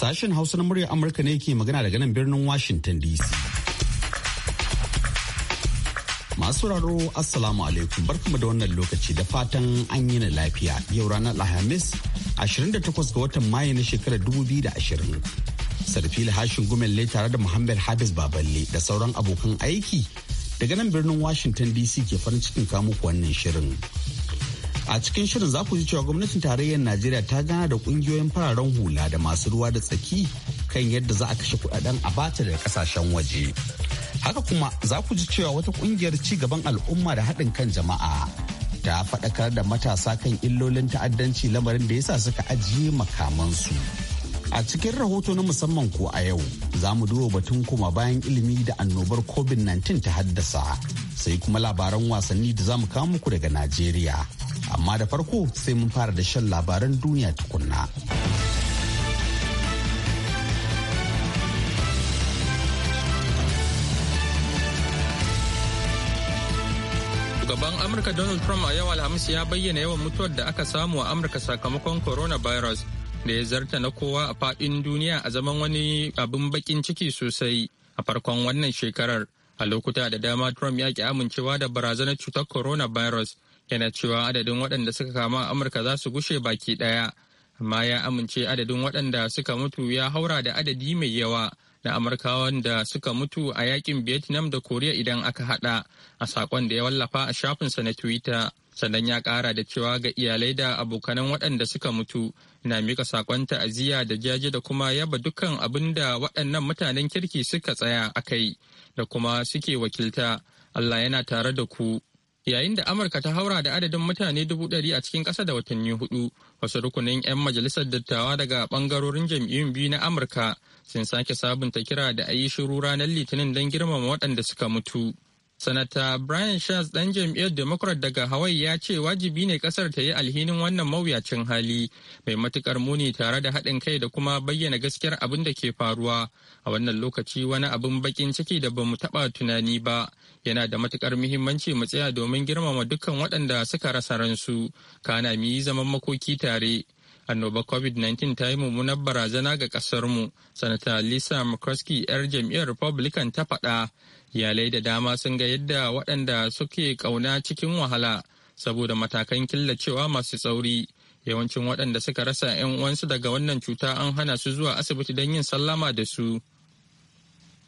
Sashen Hausa na muryar Amurka ne ke magana daga nan birnin Washington DC. Masu raro Assalamu alaikum barkamu da wannan lokaci da fatan an yi na lafiya yau ranar Alhamis 28 ga watan Mayu na shekarar 2020. Sarfil hashin gumel ne tare da Muhammad habis Baballe da sauran abokan aiki daga nan birnin Washington DC ke farin cikin kamuku wannan shirin. a cikin shirin za ku ji cewa gwamnatin tarayyar najeriya ta gana da kungiyoyin fararen hula da masu ruwa da tsaki kan yadda za a kashe kudaden abata daga kasashen waje haka kuma za ku ji cewa wata kungiyar ci gaban al'umma da haɗin kan jama'a ta faɗakar da matasa kan illolin ta'addanci lamarin da yasa suka ajiye makamansu a cikin rahoto na musamman ko a yau za mu duba batun koma bayan ilimi da annobar covid-19 ta haddasa sai kuma labaran wasanni da za mu kawo muku daga najeriya amma da farko sai mun fara da shan labaran duniya tukunna. Shugaban Amurka Donald Trump a yau Alhamis ya bayyana yawan mutuwar da aka samu a Amurka sakamakon coronavirus da ya zarta na kowa a fadin duniya a zaman wani abin bakin ciki sosai a farkon wannan shekarar. A lokuta da dama Trump ya ki amincewa da barazanar cutar coronavirus yana cewa adadin waɗanda suka kama a amurka za su gushe baki ɗaya amma ya amince adadin waɗanda suka mutu ya haura da adadi mai yawa da amurkawan da suka mutu a yakin vietnam da koriya idan aka hada a sakon da ya wallafa a shafinsa na twitter sannan ya kara da cewa ga iyalai da abokanan waɗanda suka mutu na mika sakon ta'aziyya da jaje da kuma yaba dukkan abin da waɗannan mutanen kirki suka tsaya a kai da kuma suke wakilta allah yana tare da ku yayin da amurka ta haura da adadin mutane dubu ɗari a cikin ƙasa da watanni hudu wasu rukunin 'yan majalisar dattawa daga ɓangarorin jam'iyyun biyu na amurka sun sake sabunta kira da a yi shiru ranar litinin don girmama waɗanda suka mutu Sanata Brian Shas ɗan jam'iyyar Democrat daga Hawaii ya ce wajibi ne ƙasar ta yi alhinin wannan mawuyacin hali mai matukar muni tare da haɗin kai da kuma bayyana gaskiyar abin da ke faruwa. A wannan lokaci wani abin bakin ciki da bamu taɓa tunani ba yana da matukar muhimmanci mu tsaya domin girmama dukkan waɗanda suka rasa ransu kana mu yi zaman makoki tare. annoba covid-19 ta yi mummunar barazana ga kasarmu sanata lisa mccroskey 'yar jam'iyyar republican ta faɗa iyalai da dama sun ga yadda waɗanda suke ƙauna cikin wahala saboda matakan killacewa masu tsauri yawancin waɗanda suka rasa 'yan uwansu daga wannan cuta an hana su zuwa asibiti don yin sallama da su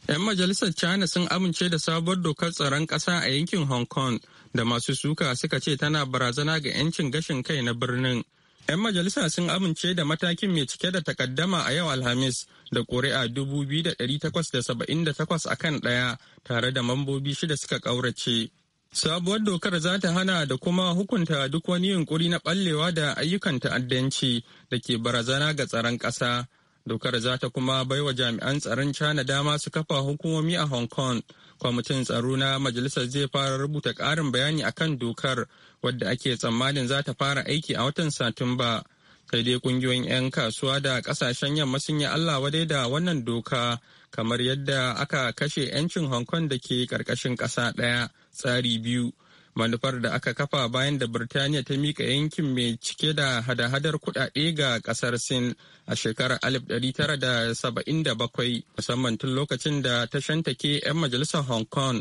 'yan majalisar china sun amince da sabuwar dokar tsaron ƙasa a yankin hong kong da masu suka suka ce tana barazana ga 'yancin gashin kai na birnin 'Yan majalisa sun amince da matakin mai cike da takaddama a yau Alhamis da ƙuri'a 2,878 a kan ɗaya tare da mambobi shida suka ƙaurace. Sabuwar dokar za ta hana da kuma hukunta duk wani yunkuri na ɓallewa da ayyukan ta'addanci da ke barazana ga tsaron ƙasa. Dokar za ta kuma baiwa jami'an tsaron cana dama su kafa hukumomi a Hong Kong kwamitin tsaro na majalisar zai fara rubuta ƙarin bayani akan dokar wadda ake tsammanin za ta fara aiki a watan satumba sai dai kungiyoyin 'yan kasuwa da kasashen yamma sun yi allah wadai da wannan doka kamar yadda aka kashe 'yancin hong kong da ke ƙarƙashin ƙasa ɗaya tsari biyu manufar da aka kafa bayan da birtaniya ta mika yankin mai cike da hada-hadar kudade ga kasar sin a shekarar 1977 musamman tun lokacin da ta shantake 'yan majalisar hong kong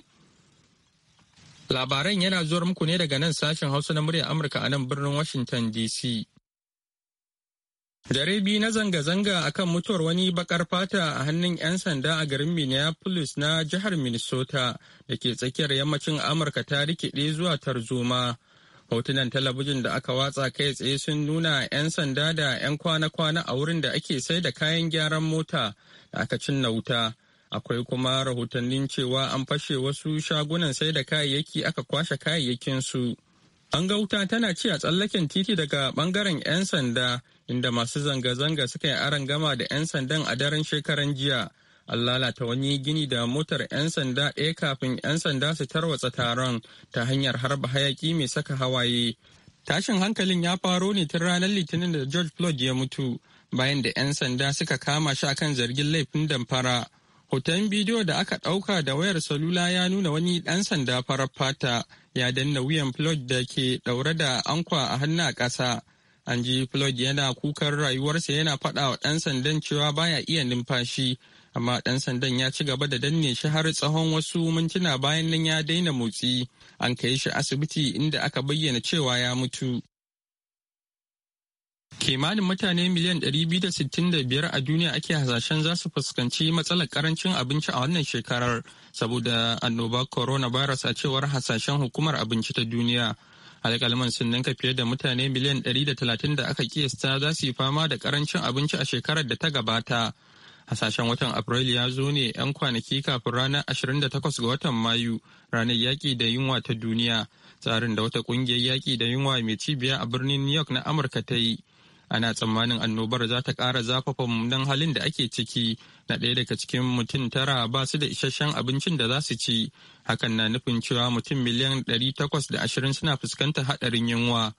labaran yana zuwar muku ne daga nan sashen hausa na muryar amurka a nan birnin washington dc jarabi na zanga-zanga a kan mutuwar wani bakar fata a hannun 'yan sanda a garin Minneapolis na jihar Minnesota da ke tsakiyar yammacin Amurka ta rikide zuwa tarzoma. Hotunan talabijin da aka watsa kai tsaye sun nuna 'yan sanda da 'yan kwana-kwana a wurin da ake sai da kayan gyaran mota da aka cinna wuta. Akwai kuma rahotannin cewa an fashe wasu shagunan sai da kayayyaki aka kwashe kayayyakinsu. An ga wuta tana ci a tsallaken titi daga bangaren 'yan sanda inda masu zanga-zanga suka yi aron gama da 'yan sandan a daren shekaran jiya an lalata wani gini da motar 'yan sanda ɗaya kafin 'yan sanda su tarwatsa taron ta hanyar harba hayaki mai saka hawaye tashin hankalin ya faro ne tun ranar litinin da george floyd ya mutu bayan da 'yan sanda suka kama shi akan zargin laifin damfara hoton bidiyo da aka ɗauka da wayar salula ya nuna wani ɗan sanda farar fata ya danna wuyan floyd da ke ɗaure da ankwa a hannu a ƙasa An ji Floyd yana kukan rayuwarsa yana faɗa wa ɗan sandan cewa baya iya numfashi, amma ɗan sandan ya ci gaba da danne shi har tsawon wasu mintuna bayan nan ya daina motsi. An kai shi asibiti inda aka bayyana cewa ya mutu. Kimanin mutane miliyan 265 a duniya ake hasashen za su fuskanci matsalar karancin abinci a wannan shekarar saboda annobar coronavirus a cewar hasashen hukumar abinci ta duniya. alƙalman sun ninka fiye da mutane miliyan 130 da aka kiyasta za su yi fama da karancin abinci a shekarar da ta gabata hasashen watan afrilu ya zo ne 'yan kwanaki kafin ranar 28 ga watan mayu ranar yaƙi da yunwa ta duniya tsarin da wata ƙungiyar yaƙi da yunwa mai cibiya a birnin new york na amurka ta yi ana tsammanin annobar za ta ƙara zafafa mummunan halin da ake ciki na ɗaya daga cikin mutum tara ba su da isasshen abincin da za su ci hakan na nufin cewa mutum miliyan ɗari takwas da ashirin suna fuskantar haɗarin yunwa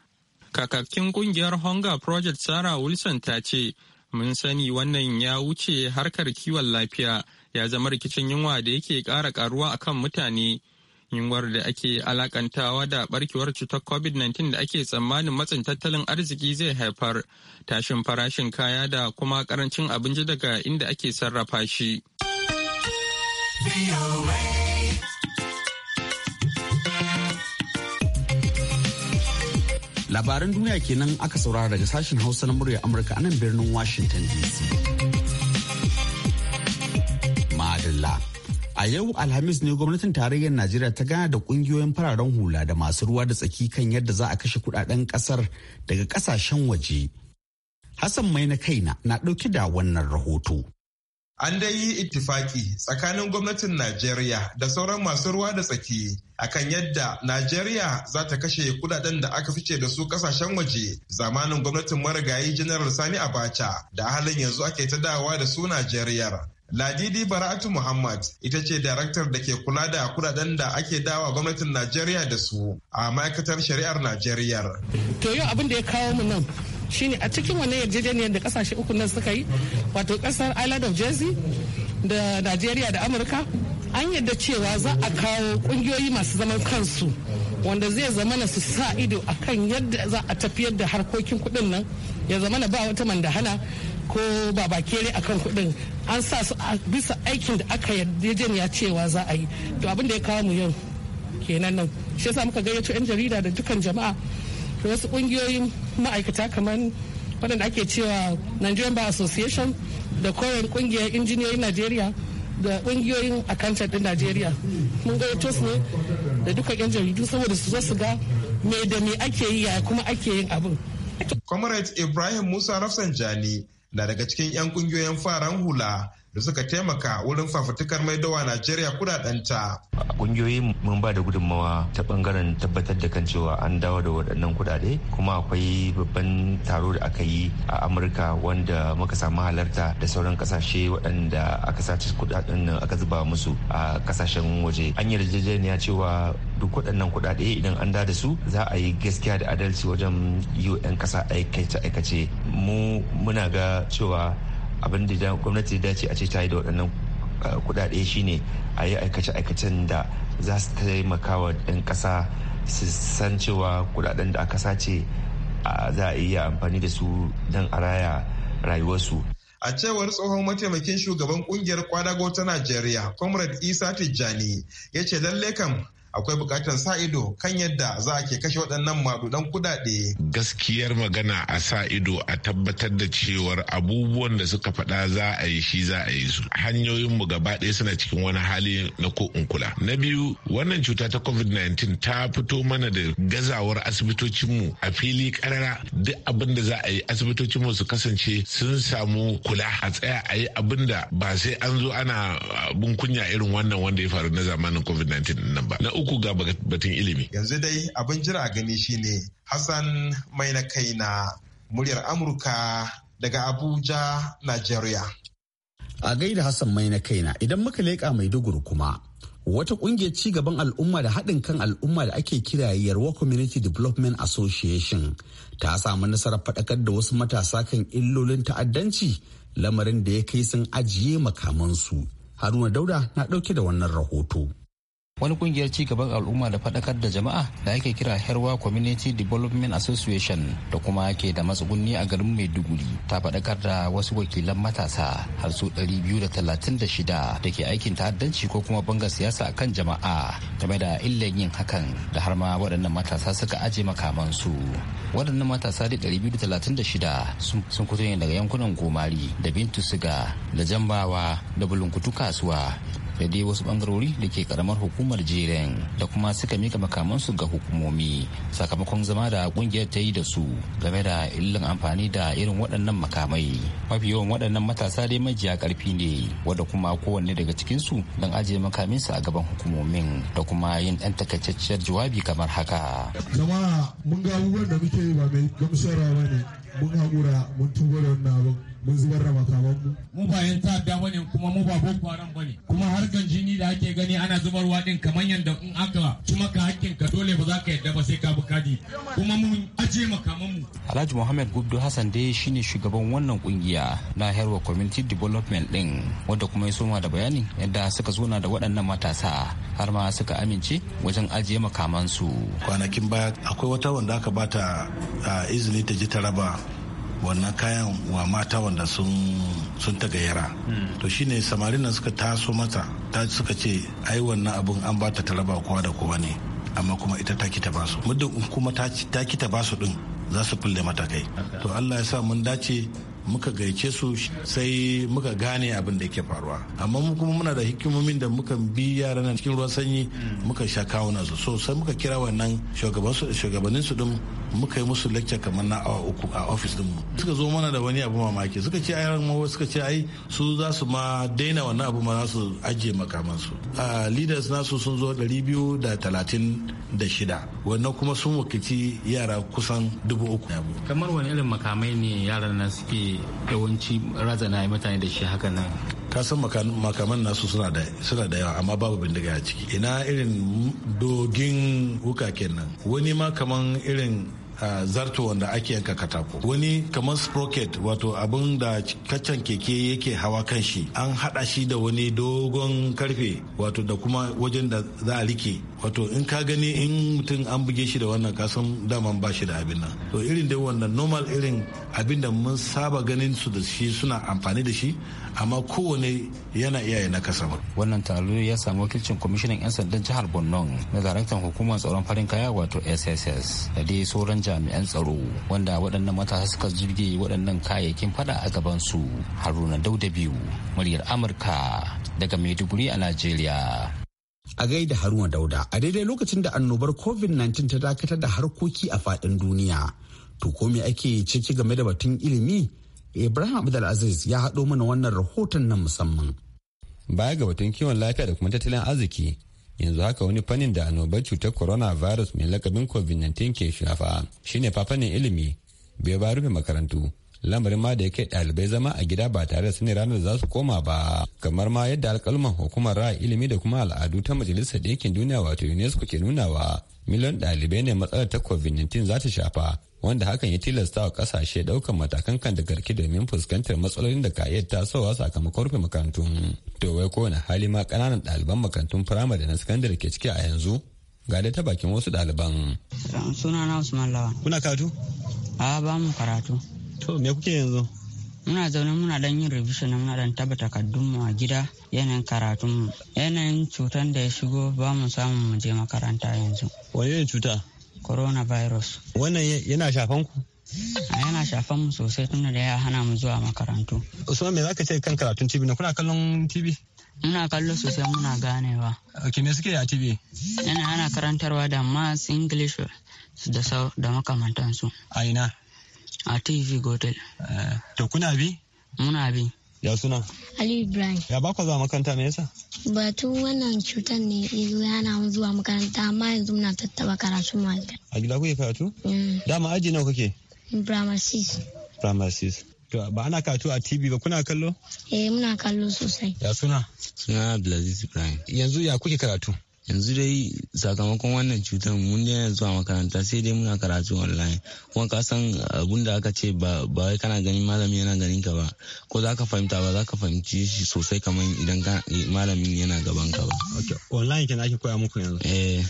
kakakin ƙungiyar hunger project sarah wilson ta ce mun sani wannan ya wuce harkar kiwon lafiya ya zama rikicin yunwa da yake ƙara ƙaruwa akan mutane yunwar da ake alakantawa da barkewar cutar covid-19 da ake tsammanin matsin tattalin arziki zai haifar tashin farashin kaya da kuma karancin abinci daga inda ake sarrafa shi labaran duniya kenan aka saurara daga sashen hausa na murya amurka anan birnin washington dc A yau Alhamis ne gwamnatin tarayyar Najeriya ta gana da kungiyoyin fararen hula da masu ruwa da tsaki kan yadda za a kashe kudaden kasar daga kasashen waje. Hassan mai na kaina na ɗauki da wannan rahoto. An dai yi ittifaki tsakanin gwamnatin Najeriya da sauran masu ruwa da tsaki akan yadda Najeriya za ta kashe kudaden da aka fice da su kasashen waje zamanin gwamnatin marigayi Janar Sani Abacha da halin yanzu ake ta dawa da su Najeriyar. Ladidi Bara'atu Muhammad ita ce daraktar da ke kula da kudaden da ake dawa gwamnatin Najeriya da su a ma'aikatar shari'ar Najeriya. To yau abin da ya kawo mu nan shine a cikin wannan yarjejeniyar da kasashe uku nan suka yi wato kasar Island of Jersey da Najeriya da Amurka an yadda cewa za a kawo kungiyoyi masu zaman kansu wanda zai zamana su sa ido akan yadda za a tafiyar da harkokin kudin nan ya zama na ba wata mandahana ko babakere akan kudin an sa su bisa aikin da aka ya cewa za a yi to abin da ya kawo mu yau kenan nan shi yasa muka gayyato 'yan jarida da dukkan jama'a da wasu kungiyoyin ma'aikata kamar waɗanda ake cewa Nigerian Bar Association da koyon kungiyar injiniyoyin Najeriya da kungiyoyin akantar din Najeriya mun gayyato su ne da dukkan 'yan jaridu saboda su zo su ga me da me ake yi ya kuma ake yin abin. Comrade Ibrahim Musa Rafsanjani na daga cikin 'yan kungiyoyin faran hula da suka taimaka wurin fafutukar maidowa Najeriya kudadenta. Kungiyoyi mun ba da gudunmawa ta bangaren tabbatar da kan cewa an dawo da waɗannan kudade kuma akwai babban taro da aka yi a Amurka wanda muka samu halarta da sauran kasashe waɗanda aka sace kudaden nan aka zuba musu a kasashen waje. An yarjejeniya cewa duk waɗannan kuɗaɗe idan an da su za a yi gaskiya da adalci wajen yi 'yan ƙasa aikace-aikace mu muna ga cewa abin da gwamnati da dace a ce ta yi da waɗannan eh, kuɗaɗe shine a yi aikace-aikacen da za su taimaka wa 'yan ƙasa su san cewa kudaden da aka sace za a iya amfani da su don a raya rayuwarsu. A cewar tsohon mataimakin shugaban kungiyar kwadago ta Najeriya, Comrade Isa Tijjani, ya ce lalle kam akwai bukatar sa ido kan yadda za a ke kashe waɗannan madudan kudade. Gaskiyar magana a sa ido a tabbatar da cewar abubuwan da suka faɗa za a yi shi za a yi su. Hanyoyin mu gaba ɗaya suna cikin wani hali na ko in kula. Na biyu wannan cuta ta COVID-19 ta fito mana da gazawar asibitocinmu a fili karara duk abin da za a yi asibitocinmu su kasance sun samu kula a tsaya a yi abin da ba sai an zo ana bin kunya irin wannan wanda ya faru na zamanin COVID-19 nan ba. uku ga batun ilimi. Yanzu dai abin jira gani shine Hassan mai na kai na muryar Amurka daga Abuja, Najeriya. A gaida Hassan mai na kai na idan muka leƙa mai duguru kuma wata ƙungiyar ci gaban al'umma da haɗin kan al'umma da ake kira yarwa community development association ta samu nasarar faɗakar da wasu matasa kan illolin ta'addanci lamarin da ya kai sun ajiye makamansu haruna dauda na ɗauke da wannan rahoto. wani kungiyar cigaban al'umma da faɗakar da jama'a da ake kira herwa community development association da kuma ke da matsugunni a garin maiduguri ta faɗakar da wasu wakilan matasa har su 236 da ke aikin ta'addanci ko kuma banga siyasa kan jama'a game da illan yin hakan da har ma waɗannan matasa suka aje makamansu waɗannan matasa da 236 sun fito ne daga yankunan gomari da bintu siga da jambawa da bulunkutu kasuwa da dai wasu bangarori da ke karamar hukumar jeren da kuma suka mika makamansu ga hukumomi sakamakon zama da kungiyar ta yi da su game da illan amfani da irin waɗannan makamai mafi yawan waɗannan matasa dai majiya ƙarfi ne wadda kuma kowanne daga cikinsu don ajiye makaminsu a gaban hukumomin da kuma yin ɗan takaitacciyar jawabi kamar haka. jama'a mun ga abubuwan da muke yi ba mai gamsarwa ba ne mun haƙura mun tuba da wannan abin mun zubar da makamanmu. Mu ba yan ta'adda bane kuma mu ba boko haram bane kuma harkan jini da ake gani ana zubarwa din kamar yadda in aka ci maka hakkin ka dole ba za ka yadda ba sai ka bi kadi kuma mun aje mu. Alhaji Muhammad Gubdu Hassan dai shine shugaban wannan kungiya na Herwa Community Development din wanda kuma ya soma da bayani yadda suka zuna da waɗannan matasa har ma suka amince wajen ajiye makamansu. Kwanakin baya akwai wata wanda aka bata ah, izini ta ji ta raba wannan kayan wa mata wanda sun sun yara. Hmm. to shine samarin nan suka taso mata ta suka ce ai wannan abun an ba ta raba kowa da kowa ne amma kuma ita ta kita basu muddin kuma ta kita basu din za su fulle mata kai to Allah ya sa mun dace muka gaice su sai muka gane abin da yake faruwa amma mu kuma muna da hikimomin da muka bi yaran cikin ruwan sanyi hmm. muka sha na su so sai muka kira wannan shugabanninsu din muka yi musu lecture kamar na awa uku a office din mu suka zo mana da wani abu mamaki suka ce ai mawa suka ce ai su za su ma daina wannan abu ma za su ajiye makaman su leaders nasu sun zo 236 wannan kuma sun wakilci yara kusan dubu uku kamar wani irin makamai ne yaran nan suke yawanci razana mutane da shi haka nan ka san makaman nasu suna da suna da yawa amma babu bindiga a ciki ina irin dogin wuka kenan wani ma kaman irin zarto wanda ake yanka katako wani kamar sprocket wato abin da kaccen keke yake hawa kan shi an hada shi da wani dogon karfe wato da kuma wajen da za a rike wato in ka gani in mutum an buge shi da wannan kasan daman ba shi da abin nan to irin dai wannan normal irin abin da mun saba ganin su da shi suna amfani da shi amma kowane yana iyaye na kasa ba. wannan taro ya samu wakilcin kwamishinan 'yan sandan jihar borno na daraktan hukumar tsaron farin kaya wato sss da dai sauran jami'an tsaro wanda waɗannan matasa suka jirge waɗannan kayayyakin fada a gaban su haruna dauda biyu muryar amurka daga maiduguri a najeriya a gaida haruna dauda a daidai lokacin da annobar covid-19 ta dakatar da harkoki a faɗin duniya to ko ake ciki game da batun ilimi Ibrahim Abdulaziz ya haɗo mana wannan rahoton nan musamman. Baya ga batun kiwon lafiya da kuma tattalin arziki, yanzu haka wani fannin da annobar cutar coronavirus mai lakabin COVID-19 ke shafa Shi ne fafanin ilimi bai ba rufe makarantu. lamarin ma da ya ɗalibai zama a gida ba tare da sani ranar za su koma ba kamar ma yadda alkalman hukumar ra'ayi ilimi da kuma al'adu ta majalisar ɗinkin duniya wato unesco ke nunawa miliyan ɗalibai ne matsalar ta covid-19 za ta shafa wanda hakan ya tilasta wa kasashe daukan matakan kan da garki domin fuskantar matsalolin da ka iya tasowa sakamakon rufe makarantun to wai kowane hali ma kananan ɗaliban makarantun firamare da na sakandare ke ciki a yanzu ga da ta bakin wasu ɗaliban. sunana usman lawa kuna karatu a ba mu karatu to me kuke yanzu muna zaune muna dan yin revision muna dan tabbata takardun mu a gida yanayin karatun mu yanayin cutar da ya shigo ba mu samun mu je makaranta yanzu wani cuta coronavirus. Wannan yana shafan ku? yana shafan mu sosai tunda da ya hana mu zuwa makarantu. Usman me za ka ce kan karatun TV na kuna kallon TV? Muna kallo sosai muna ganewa. Ok me suke a TV? Yana ana karantarwa da mass English da sau da makamantansu. A ina? A TV Gotel. Eh, to kuna bi? Muna bi. Ya suna? Ali Ibrahim. Ya baka zuwa makaranta me yasa? tun wannan cutar ne izo yana mu zuwa makaranta amma yanzu muna tattaba karatu ma. A gida kuke karatu? Mm. Dama aji nawa kake? Primary 6. Primary 6. To ba ana karatu a TV ba kuna kallo? Eh muna kallo sosai. Ya suna? Suna Abdulaziz Ibrahim. Yanzu ya kuke karatu? yanzu dai sakamakon wannan cutar mun daina zuwa makaranta sai dai muna karatu online kuma ka san abun da aka ce ba wai kana ganin malami yana ganin ka ba ko za ka fahimta ba za ka fahimci shi sosai kamar idan malamin yana gaban ka ba. online kenan ake koya muku yanzu. eh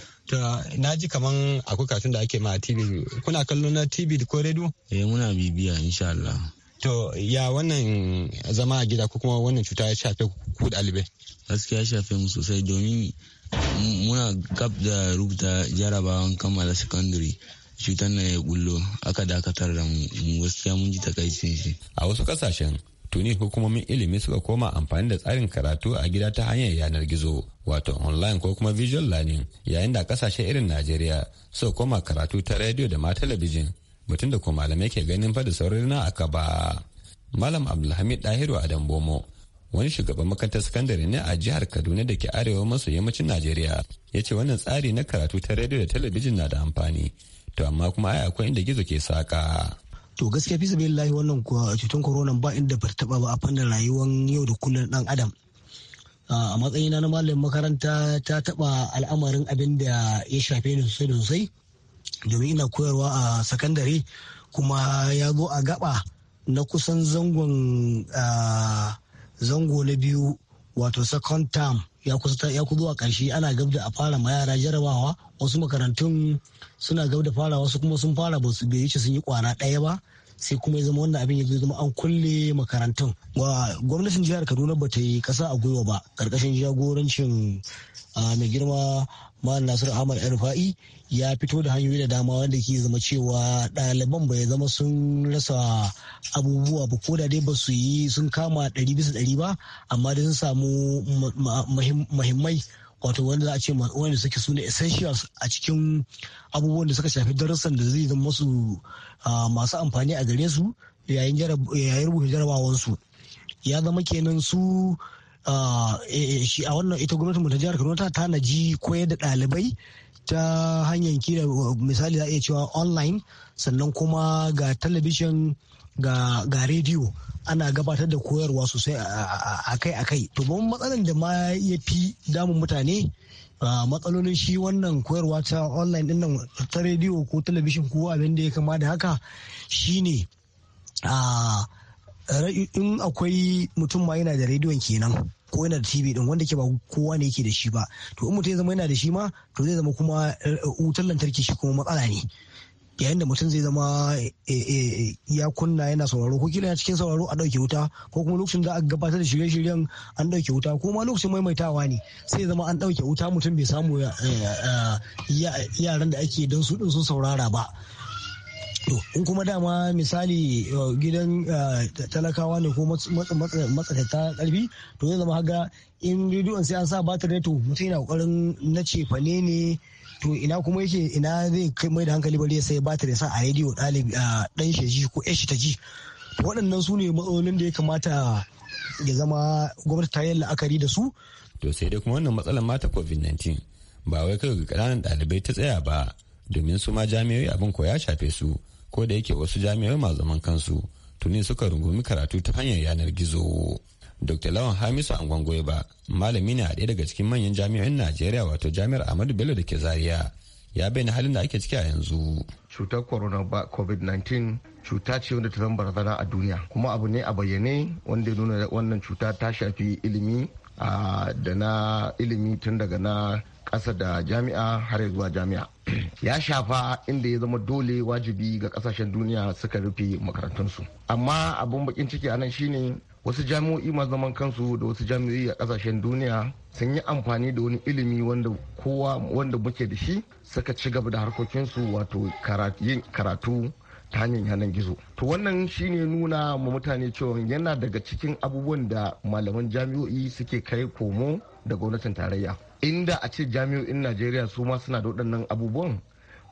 na ji kaman akwai katun da ake ma a tv kuna kallo na tv ko radio. eh muna bibiya insha Allah. To ya wannan zama a gida ko kuma wannan cuta ya shafe ku ɗalibai? Gaskiya ya shafe mu sosai domin muna gab da rubuta jarabawan kammala sakandare cutar na ya bullo aka dakatar da mu gaskiya mun ji takaicin shi a wasu kasashen tuni hukumomin ilimi suka koma amfani da tsarin karatu a gida ta hanyar yanar gizo wato online ko kuma visual learning yayin da kasashe irin najeriya suka koma karatu ta rediyo da ma talabijin mutum da ko malamai ke ganin fa da saurari na aka ba malam abdulhamid dahiru adam bomo wani shugaban makarantar sakandare ne a jihar kaduna da ke arewa maso yammacin najeriya ya ce wannan tsari na karatu ta rediyo da talabijin na da amfani to amma kuma ai akwai inda gizo ke saka to gaskiya fi lahi wannan cutar corona ba inda ba taba ba a fannin rayuwar yau da kullum dan adam a matsayina na malamin makaranta ta taba al'amarin abin da ya shafe ni sosai da sosai domin ina koyarwa a sakandare kuma ya zo a gaba na kusan zangon zango na biyu wato second term ya kusa ya a ƙarshe ana gab da a fara ma yara jarabawa wasu makarantun suna gab da fara wasu kuma sun fara ba su bai yi sun yi kwana ɗaya ba sai kuma ya zama wannan abin ya zama an kulle makarantun gwamnatin jihar kaduna ba ta yi ƙasa a gwiwa ba karkashin jagorancin ah, mai girma Muhammad nasir ahmad rufa'i ya fito da hanyoyi da dama wanda ke zama cewa ɗaliban bai zama sun rasa abubuwa ba ko da dai ba su yi sun kama ɗari bisa ɗari ba amma da sun samu mahimmai wato wanda za a ce wanda suke suna essentials a cikin abubuwan da suka shafi darussan da zai zama su masu amfani a gare su yayin rubuta jarabawansu ya zama kenan su E, e, shi a wannan ita gwamnatin ta jihar Kaduna ta tanaji koyar da ɗalibai ta hanyar kila misali za a iya cewa online sannan kuma ga talabijin ga, ga rediyo ana gabatar da koyarwa sosai a kai a kai to ban matsalar da ma ya fi damun mutane matsalolin shi wannan koyarwa ta online din nan ta rediyo ko talabijin ko abin da ya kama da haka shine a in akwai mutum ma yana da rediyon kenan ko yana da tv din wanda ke ba kowa ne yake da shi ba to in mutum ya zama yana da shi ma to zai zama kuma eh, wutar lantarki shi kuma matsala ne yayin da mutum zai zama eh, eh, ya kunna yana sauraro ko kila yana cikin sauraro a ɗauke wuta ko kuma lokacin da a gabatar da shirye-shiryen an ɗauke wuta ko ma lokacin maimaitawa ne sai zama an ɗauke wuta mutum bai samu yaran da ake don su din sun saurara ba to in kuma dama misali uh, gidan uh, talakawa ne ko matsakaita karfi to zai zama haga in rediyon sai an sa batir ne to mutum yana kokarin na cefane ne to ina kuma yake ina zai kai mai da hankali bari sai batir ya sa a rediyo ɗalibi a uh, ɗan ji ko shi ta ji waɗannan su ne matsalolin da ya kamata ya zama gwamnati ta yi la'akari da su to sai dai kuma wannan matsalar mata covid-19 ba wai kawai ga ƙananan ɗalibai ta tsaya ba domin su ma jami'ai abin ko ya shafe su ko da yake wasu jami'ai ma zaman kansu tuni suka rungumi karatu ta hanyar yanar gizo dr lawan hamisu angwangoye ba malami ne a ɗaya daga cikin manyan jami'o'in najeriya wato jami'ar ahmadu bello da ke zaria ya bayyana halin da ake ciki a yanzu cutar corona covid-19 cuta ce wanda ta zama barazana a duniya kuma abu ne a bayyane wanda ya nuna wannan cuta ta shafi ilimi ah, da na ilimi tun daga na ƙasa da jami'a har zuwa jami'a ya shafa inda ya zama dole wajibi ga kasashen duniya suka rufe makarantunsu amma abin bakin ciki anan shine wasu jami'o'i masu zaman kansu da wasu jami'o'i a kasashen duniya sun yi amfani da wani ilimi wanda kowa wanda muke da shi suka ci gaba da harkokinsu wato yin karatu ta hanyar yanar gizo to wannan shine nuna ma mutane cewa yana daga cikin abubuwan da malaman jami'o'i suke kai komo da gwamnatin tarayya inda a ce jami'o'in najeriya su ma suna da waɗannan abubuwan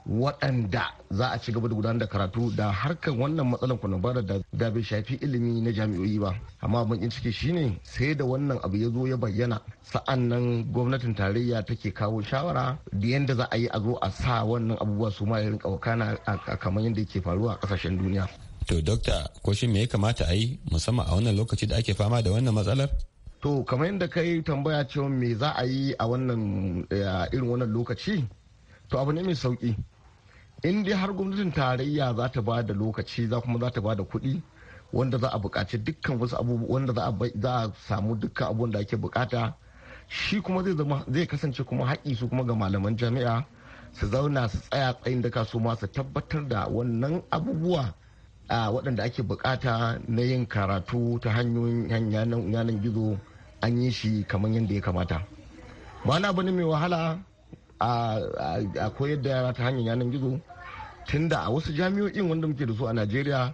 waɗanda za a ci gaba da gudanar da karatu da harkar wannan matsalar kwanabara da da bai shafi ilimi na jami'o'i ba amma bakin ciki shine sai da wannan abu ya zo ya bayyana sa'an nan gwamnatin tarayya take kawo shawara da yadda za a yi a zo a sa wannan abubuwa su ma ya kawakana kamar yadda yake faruwa a kasashen duniya to dokta ko shi me ya kamata a yi musamman a wannan lokaci da ake fama da wannan matsalar to kamar yadda ka yi tambaya cewa me za a yi a wannan eh, irin wannan lokaci to abu ne mai sauki in dai har gwamnatin tarayya za ta ba da lokaci za kuma za ta ba da kuɗi wanda za a buƙaci dukkan wasu abubuwa wanda za a samu dukkan abubuwan da ake buƙata shi kuma zai zama zai kasance kuma haƙƙi su kuma ga malaman jami'a su zauna su tsaya tsayin ka su ma su tabbatar da wannan abubuwa a waɗanda ake buƙata na yin karatu ta hanyoyin yanan gizo an yi shi kamar yadda ya kamata ba na bane mai wahala a koyar da yara ta hanyar yanar gizo tunda a wasu jami'o'in wanda muke da su a najeriya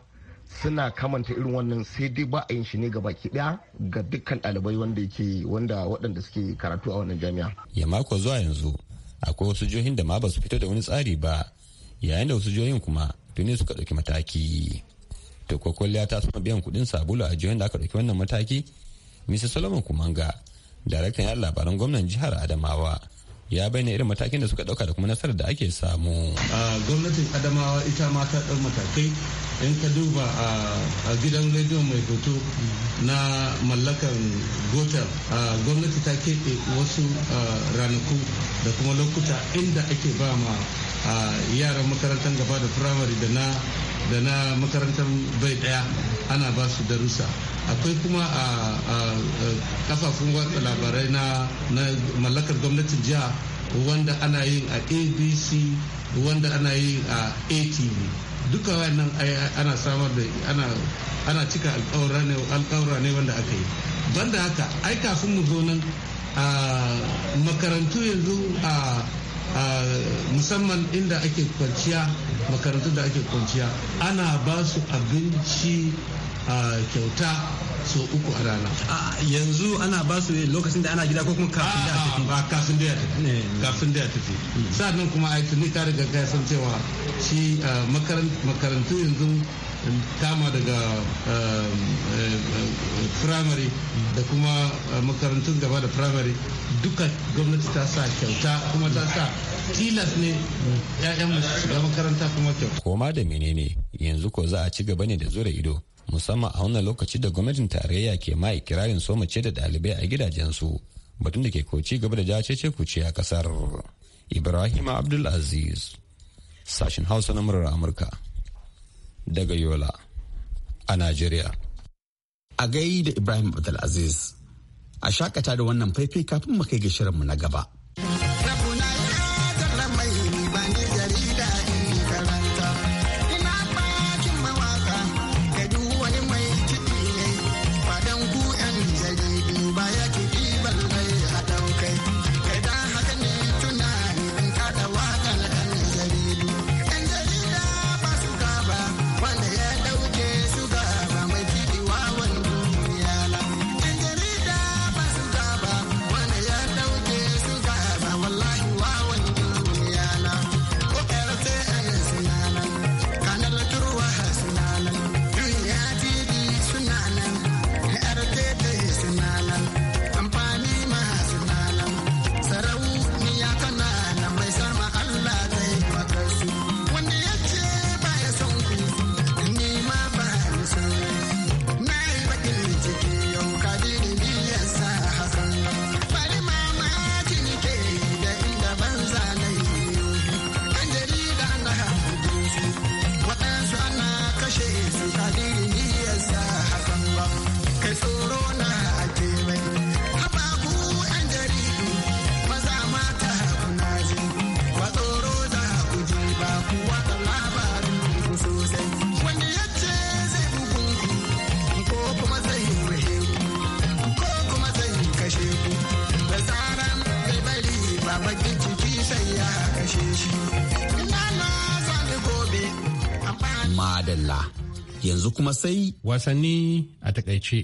suna kamanta irin wannan sai dai ba a yin shi ne ga baki daya ga dukkan ɗalibai wanda yake wanda waɗanda suke karatu a wannan jami'a ya mako zuwa yanzu akwai wasu jihohin da ma ba su fito da wani tsari ba yayin da wasu jihohin kuma tuni suka ɗauki mataki to ko ta sama biyan kuɗin sabulu a jihohin da aka ɗauki wannan mataki Mr. Solomon Kumanga, daraktan yan labaran gwamnan jihar Adamawa, ya bayyana irin matakin da suka dauka da kuma nasarar da ake samu. gwamnatin Adamawa ita ma ta ɗau matakai in ka duba a gidan rediyon mai hoto na mallakan gotel gwamnati ta keɓe wasu ranaku da kuma lokuta inda ake ba ma a yaran makarantar gaba da firamare da na da na makarantar bai daya ana ba su darussa akwai kuma a kafafun watsa labarai na mallakar gwamnatin jiha wanda ana yin a abc wanda ana yin a atv duka wannan ana samar da ana cika alkawura ne wanda aka yi banda haka ai kafin mu zo nan a makarantu yanzu a musamman inda ake kwanciya makarantun da ake kwanciya ana ba su abinci kyauta so uku a rana. yanzu ana ba su lokacin da ana gida ko kuma kafin da tafi. Ba kafin da ya tafi. Eh. Kafin da ya tafi. Mm. Sa'annan kuma a tuni ka riga ka san cewa shi makarantu yanzu kama daga firamare um, um, um, da kuma uh, makarantun gaba da firamare duka gwamnati ta sa kyauta kuma ta sa tilas ne 'ya'yan shiga makaranta kuma kyauta. koma da menene yanzu ko za a ci gaba ne da zura ido musamman a wannan lokaci da gwamnatin tarayya ke ma ikirarin so mace da ɗalibai a gidajensu batun da ke ko ci gaba da jace ce a kasar ibrahim abdulaziz sashen hausa na murar amurka daga Yola a Najeriya. A gai da Ibrahim Abdulaziz, a shakata da wannan faifai kafin mu kai ga shirinmu na gaba. kuma sai wasanni a takaice.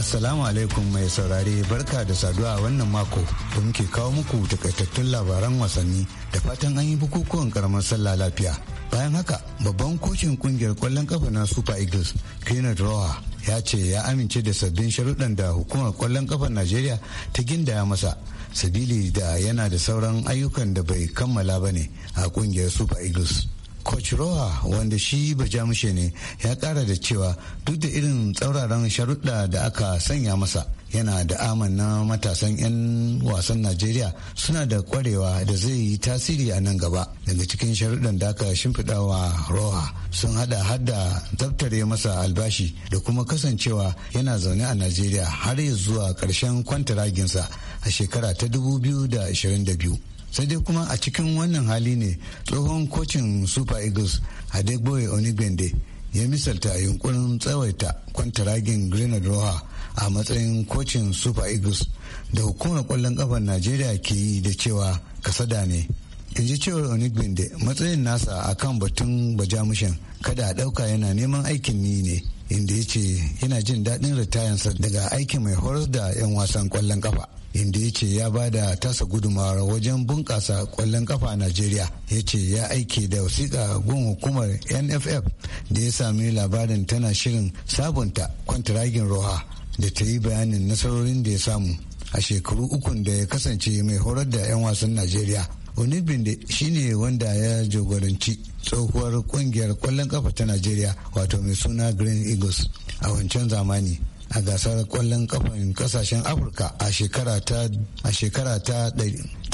Assalamu alaikum mai saurare barka da saduwa a wannan mako da muke kawo muku takaitattun labaran wasanni da fatan an yi bukukuwan karamar sallah lafiya. Bayan haka babban kocin kungiyar kwallon kafa na Super Eagles, Kenneth Rower ya ce ya amince da sabbin sharuɗan da hukumar kwallon kafar najeriya ta gindaya masa sabili da yana da sauran ayyukan da bai kammala ba ne a kungiyar super eagles coach roha wanda shi bajamushe ne ya kara da cewa duk da irin tsauraran sharuɗa da aka sanya masa yana da amana matasan 'yan wasan najeriya suna da kwarewa da zai yi tasiri a nan gaba daga cikin sharuɗan da aka shimfiɗa wa roha sun hada hada zaftare masa albashi da kuma kasancewa yana zaune a najeriya har ya zuwa ƙarshen kwantaraginsa a shekara ta 2022 sai dai kuma a cikin wannan hali ne tsohon kocin super eagles adegboye onigbende ya misalta yunkurin tsawaita kwantaragin grenade roha a matsayin kocin super eagles da hukumar kwallon kafar najeriya ke yi da cewa kasada ne in ji cewar onigbinde matsayin nasa a kan batun bajamushin kada a ɗauka yana neman aikin ni ne inda ya ce yana jin daɗin ritayansa daga aiki mai horas da 'yan wasan kwallon kafa inda ya ce ya ba da tasa gudumawar wajen bunƙasa kwallon kafa a najeriya ya ce ya aiki da wasiƙa gun hukumar nff da ya sami labarin tana shirin sabunta kwantiragin roha da ta yi bayanin nasarorin da ya samu a shekaru ukun da ya kasance mai horar da 'yan wasan najeriya shi shine wanda ya jagoranci tsohuwar kungiyar kwallon kafa ta najeriya wato mai suna green eagles a wancan zamani a gasar kwallon kafan kasashen afirka a shekara ta a shekara ta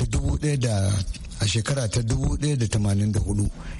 dubu da a shekara ta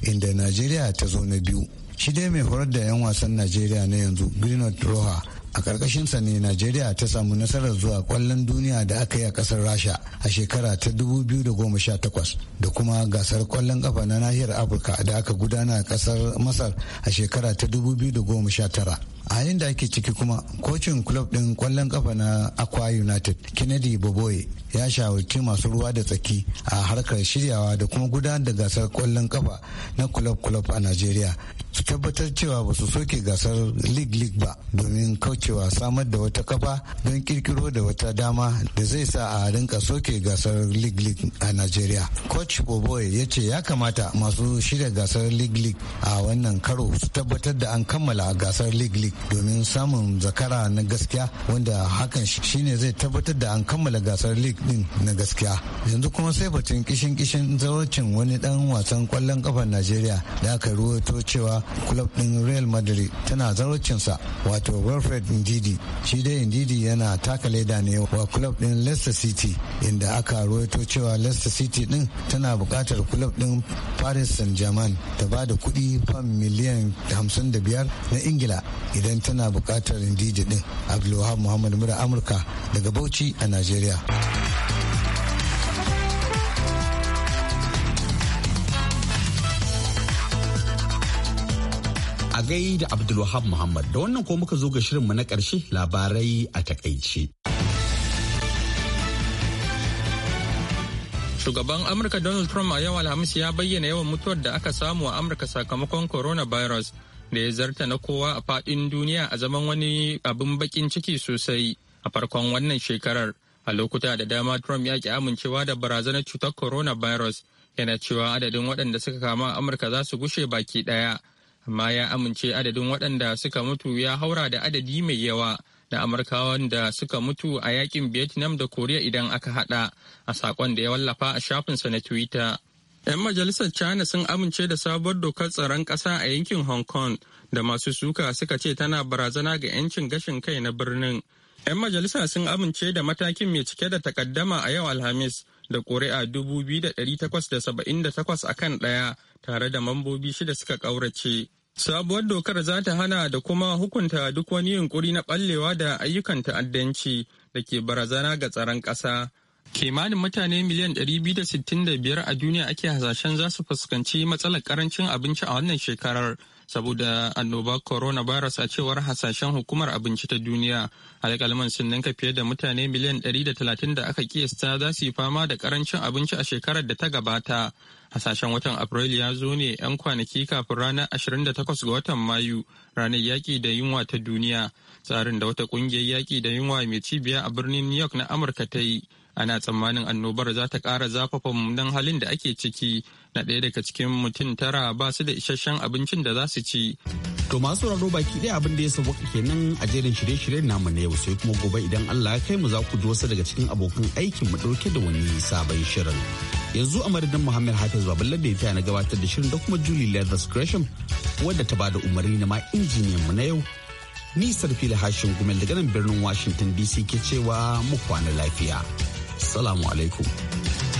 inda najeriya ta zo na biyu shi dai mai horar da 'yan wasan najeriya na yanzu greenwood roha a ƙarƙashinsa ne najeriya ta samu nasarar zuwa ƙwallon duniya da aka yi a ƙasar rasha a shekara ta 2018 da kuma gasar ƙwallon ƙafa na nahiyar afirka da aka gudana a ƙasar masar a shekara ta 2019 a yayin da ake ciki kuma kocin club din kwallon kafa na aqua united kennedy boboye ya shawarci masu ruwa da tsaki a harkar shiryawa da kuma gudanar da gasar kwallon kafa na club club a nigeria su tabbatar cewa ba su soke gasar league league ba domin kaucewa samar da wata kafa don kirkiro da wata dama da zai sa a rinka soke gasar league league a nigeria coach boboye ya ce ya kamata masu shirya gasar league league a wannan karo su tabbatar da an kammala gasar league league domin samun zakara na gaskiya wanda hakan shine zai tabbatar da an kammala gasar league din na gaskiya yanzu kuma sai batun kishin kishin zawacin wani dan wasan kwallon kafar najeriya da aka ruwato cewa club din real madrid tana sa wato wilfred ndidi shi dai ndidi yana taka leda ne wa club din leicester city inda aka ruwato cewa leicester city din tana bukatar club din paris saint-germain ta bada da kuɗi fam miliyan 55 na ingila idan tana bukatar indiji din abdulwahab muhammad mura amurka daga bauchi a najeriya a gai da abdulwahab muhammad da wannan ko muka zo ga shirinmu na ƙarshe labarai a takaice Shugaban Amurka Donald Trump a yau Alhamis ya bayyana yawan mutuwar da aka samu a Amurka sakamakon coronavirus da ya zarta na kowa a fadin duniya a zaman wani abin bakin ciki sosai a farkon wannan shekarar a lokuta da dama trump ya ki amincewa da barazanar cutar coronavirus yana cewa adadin waɗanda suka kama a amurka za su gushe baki ɗaya amma ya amince adadin waɗanda suka mutu ya haura da adadi mai yawa da amurkawan da suka mutu a yakin vietnam da koriya idan aka haɗa a saƙon da ya wallafa a shafinsa na twitter 'Yan majalisar China sun amince da sabuwar dokar tsaron ƙasa a yankin Hong Kong da masu suka suka ce tana barazana ga 'yancin gashin kai na birnin. 'Yan majalisa sun amince da matakin mai cike da takaddama a yau Alhamis da ƙuri'a 2,878 a kan ɗaya tare da mambobi shida suka ƙaurace. Sabuwar dokar za ta hana da kuma hukunta duk wani yunkuri na ɓallewa da ayyukan ta'addanci da ke barazana ga tsaron ƙasa. kimanin mutane miliyan 265 a duniya ake hasashen za su fuskanci matsalar karancin abinci a wannan shekarar saboda annoba coronavirus a cewar hasashen hukumar abinci ta duniya alƙalman sun ninka fiye da mutane miliyan 130 da aka kiyasta za su yi fama da karancin abinci a shekarar da ta gabata hasashen watan afrilu ya zo ne 'yan kwanaki kafin ranar 28 ga watan mayu ranar yaƙi da yunwa ta duniya tsarin da wata ƙungiyar yaƙi da yunwa mai cibiya a birnin new york na amurka ta yi ana tsammanin annobar za ta ƙara zafafa mummunan halin da ake ciki na ɗaya daga cikin mutum tara ba su da isasshen abincin da za su ci. To masu raro baki ɗaya abin da ya ke nan a jerin shirye-shiryen namu na yau sai kuma gobe idan Allah ya kai mu za ku ji wasu daga cikin abokan aikin mu ɗauke da wani sabon shirin. Yanzu a madadin Muhammad Hafiz Babalar da ya taya na gabatar da shirin da kuma Julie Leathers Gresham wadda ta bada umarni na ma injiniyan mu na yau. Ni fili Hashin Gumel daga nan birnin Washington DC ke cewa mu kwana lafiya. Salamu alaikum.